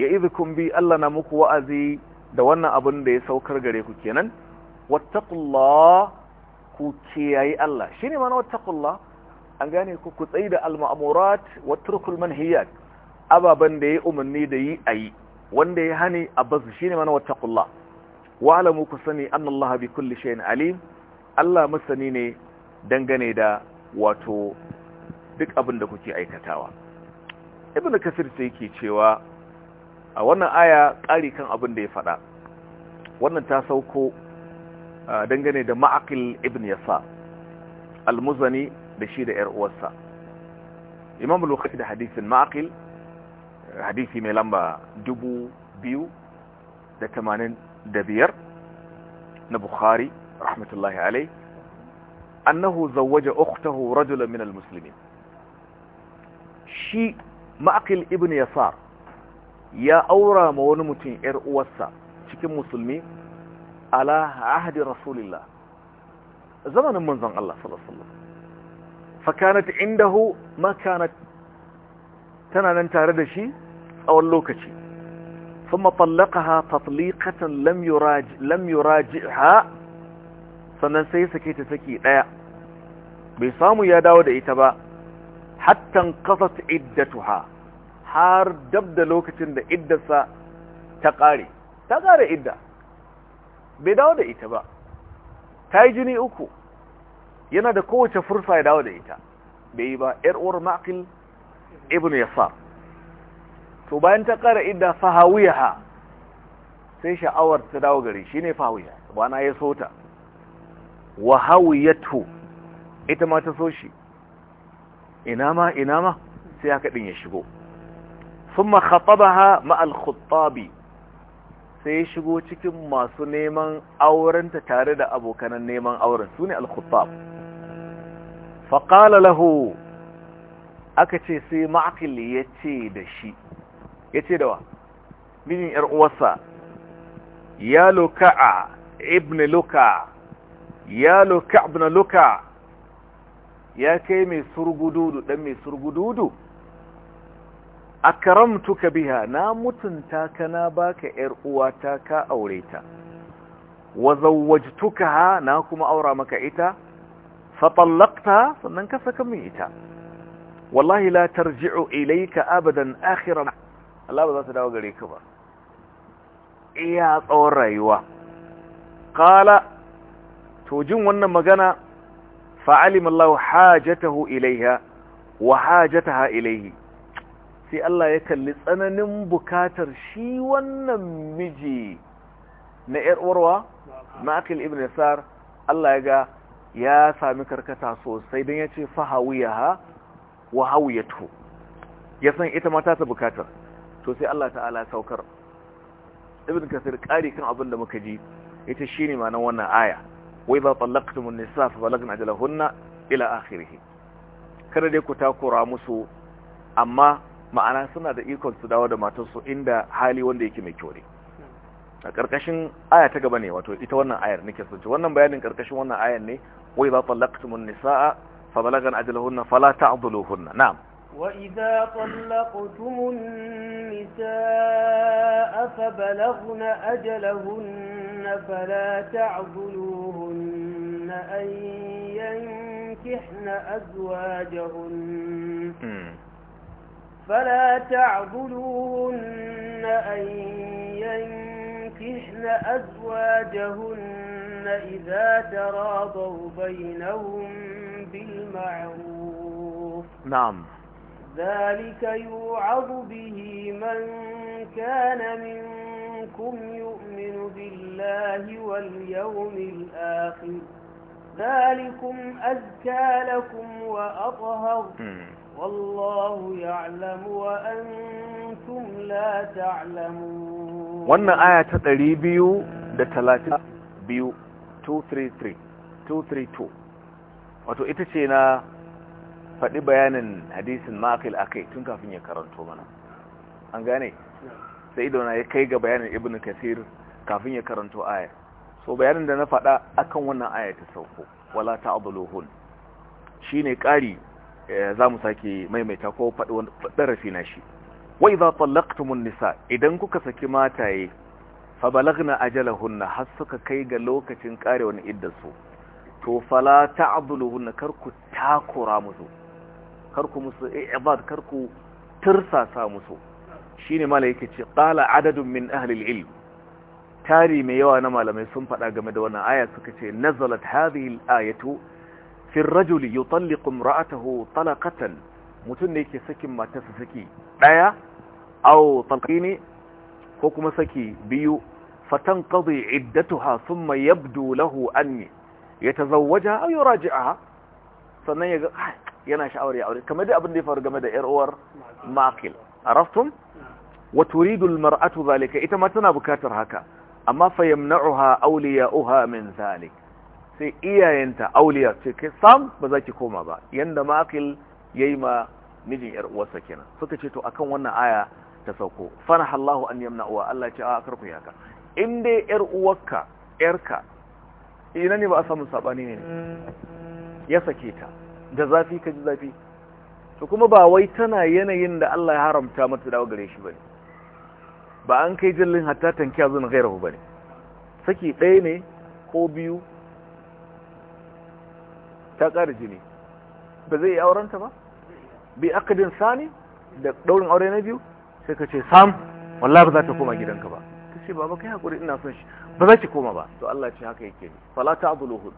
ya izikun bi Allah na muku wa'azi da wannan abun da ya saukar gare ku kenan wattaqullah ku kiyayi Allah shine mana wattaqullah an gane ku ku da al-ma'murat wa turkul ababan da ya umarni da yi ayi wanda ya hani abas shine mana wattaqullah wala alamu ku sani annallaha bi kulli shay'in alim Allah masani ne dangane da wato duk abin da kuke aikatawa ibnu kasir sai yake cewa a wannan aya ƙari kan abin da ya faɗa wannan ta sauko dangane da ma'aqil ibn yasa al-muzani da shi da 'yar uwarsa imam al-bukhari da hadisin ma'aqil hadisi mai lamba dubu biyu da tamanin da biyar na bukhari rahmatullahi alai annahu zawaja ukhtahu rajulan minal almuslimin shi ma'aqil ibn yasar ya aura ma wani mutum yar uwarsa cikin musulmi ala ahdi rasulillah zamanin manzon Allah sallallahu alaihi wasallam fa kanat indahu tana nan tare da shi tsawon lokaci ثم طلقها تطليقة لم يراجع لم يراجعها sannan sai sake ta saki daya bai samu ya dawo da ita ba hatta qasat iddatuha har dab da lokacin da iddarsa ta kare ta kare idda bai dawo da ita ba ta yi jini uku yana da kowace fursa ya dawo da ita bai yi ba yar uwar maqil ibn yasar to bayan ta ƙara idda ha sai sha'awar ta dawo gari shi ne fahawiha bana ya so ta wa hawiyatu ita ma ta so shi ina ma ina ma sai haka ɗin ya shigo ha خطبها مع الخطاب sai ya shigo cikin masu neman aurenta tare da abokanan neman auren su ne al-khuttab faƙala lahu aka ce sai ma'akil ya ce da shi ya ce da wa mijin ‘yar uwarsa ya luka'a ibn luka ya luka ibn luka ya kai mai surgududu ɗan mai surgududu a karamtuka biha na mutunta ka na baka ‘yar uwata ka aure ta wa zawwajtuka ha na kuma aura maka ita fatallaqta sannan ka saka min ita wallahi la tarji'u ilaika abadan akhiran Allah ba za su dawo gare ka ba iya tsawon rayuwa Kala! to jin wannan magana fa'alim Allah hajatahu ilaiha wa hajataha ilaihi sai Allah ya kalli tsananin bukatar shi wannan miji na ‘yar uwarwa ma'akil ibn Yasar Allah ya ga ya sami karkata sosai don ya ce fahawiyaha wa hawiyatu ya san ita mata ta bukatar to sai Allah ta'ala saukar ibn kasir kari kan abin da muka ji ita shine ma'anar wannan aya wa idza talaqtumun nisa fa balagna ajalahunna ila akhirih kada dai ku takura musu amma ma'ana suna da ikon su dawo da su inda hali wanda yake mai kyau ne a ƙarƙashin aya ta gaba ne wato ita wannan ayar nake so wannan bayanin ƙarƙashin wannan ayar ne wa idza talaqtumun nisaa fa balagna ajalahunna fala ta'dhuluhunna na'am وإذا طلقتم النساء فبلغن أجلهن فلا تعذلوهن أن ينكحن أزواجهن فلا تعذلوهن أن ينكحن أزواجهن إذا تراضوا بينهم بالمعروف نعم ذلك يوعظ به من كان منكم يؤمن بالله واليوم الآخر ذلكم أزكى لكم وأطهر والله يعلم وأنتم لا تعلمون وانا آية تقريبيو da talatin biyu 232 wato ita ce na faɗi bayanin hadisin makil a kai tun kafin ya karanto mana an gane sai idona ya kai ga bayanin ibn kasir kafin ya karanto ayar so bayanin da na faɗa akan wannan aya ta sauko wala ta abuluhun shi ne ƙari eh, za mu sake maimaita ko faɗi ɗarafi na shi wai za tallaktumun nisa idan kuka saki mataye fa balagna ajalahunna har suka kai ga lokacin ƙare wani iddarsu to fala ta abuluhunna kar ku takura musu Karku musu i'bad kar ku tirsasa musu shine mala yake ce qala adadun min ahli al-ilm tari mai yawa na malamai sun faɗa game da wannan aya suka ce nazalat hadhihi al-ayatu fi ar-rajuli yutalliqu imra'atahu talaqatan mutum ne yake sakin matarsa saki daya aw talqini ko kuma saki biyu fatanqadi iddatuha thumma yabdu lahu anni yatazawwaja aw yuraji'aha sannan ya ga yana sha'awar ya aure kamar da abin da ya faru game da yar uwar makil araftum wa turidu al mar'atu zalika ita ma tana bukatar haka amma fa yamna'uha awliya'uha min zalik sai iyayenta awliya ce kai sam ba za ki koma ba yanda makil yayi ma mijin yar uwarsa kenan suka ce to akan wannan aya ta sauko fanaha Allahu an yamna'uha Allah ce a karku yaka in dai yar uwarka yarka ina ne ba a samu sabani ne ya sake ta da zafi ka ji zafi to kuma ba wai tana yanayin da Allah ya haramta mata dawo gare shi bane ba an kai jallin hatta tankiya zuwa gairahu bane saki ɗaya ne ko biyu ta ƙara jini ba zai yi aurenta ba bi akadin sani da ɗaurin aure na biyu sai ka ce sam wallahi ba za ta koma gidanka ba ta ce baba kai hakuri ina son shi ba za ki koma ba to Allah ce haka yake ne fala ta abuluhun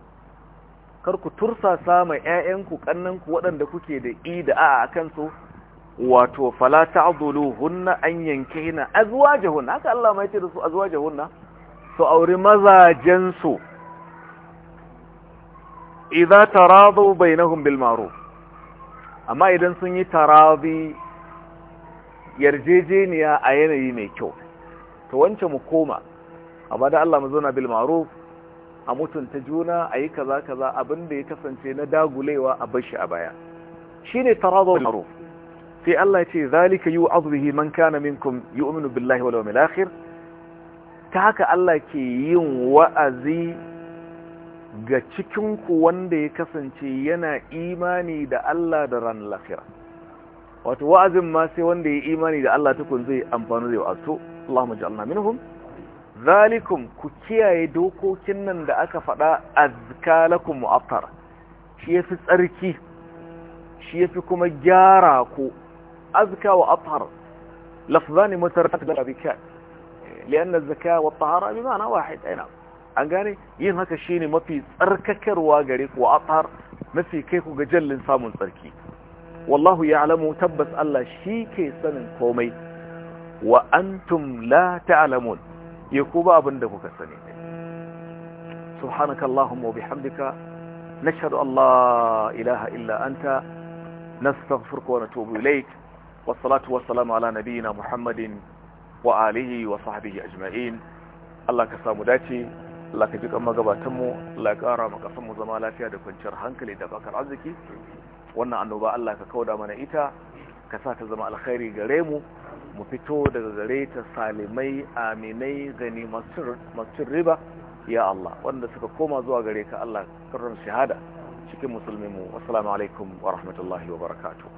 kar ku tursasa ma ƴaƴanku kannanku waɗanda kuke da i da a akan su wato fala ta'dhuluhunna an yankina azwajahunna haka Allah mai ce da su azwajahunna su auri mazajen su idza taradu bainahum bil ma'ruf amma idan sun yi tarabi yarjejeniya a yanayi mai kyau to wancan mu koma amma da Allah mu zauna bil ma'ruf a mutunta juna a yi kaza kaza abinda ya kasance na dagulewa a bashi a baya Shi ne tarazo ma'ruf sai Allah ya ce zalika wa azubihi man kana minkum yu'minu billahi wal wa milakhir ta haka Allah ke yin wa'azi ga cikinku wanda ya kasance yana imani da Allah da ran lafira wato wa'azin ma sai wanda ya imani da Allah tukun zai amfani zai wa'azo Allahumma ja'alna minhum zalikum ku kiyaye dokokin nan da aka faɗa azkalakum mu'attara shi yafi tsarki shi yafi kuma gyara ku azka wa athar lafzani mutarrat da rabikat lianna az-zaka wa at-tahara bi ma'na wahid aina an gane yin haka shine mafi tsarkakarwa gare ku athar mafi kai ku ga jallin samun tsarki wallahu ya'lamu tabbas Allah shi ke sanin komai wa antum la ta'lamun ya ba abin da kuka sani subhanakallahumma wa bihamdika nashhadu an la ilaha illa anta nastaghfiruka wa natubu salatu wassalatu wassalamu ala nabiyyina muhammadin wa alihi wa sahbihi ajma'in Allah ka samu dace Allah ka ji kan magabatan mu Allah ka kara maka mu zama lafiya da kwanciyar hankali da bakar arziki wannan annoba Allah ka kauda mana ita ka sa ta zama alkhairi gare mu mu fito daga gare ta salimai aminai gani masu riba ya Allah wanda suka koma zuwa gare ka Allah karram shahada cikin musulmi mu assalamu alaikum wa rahmatullahi wa barakatuh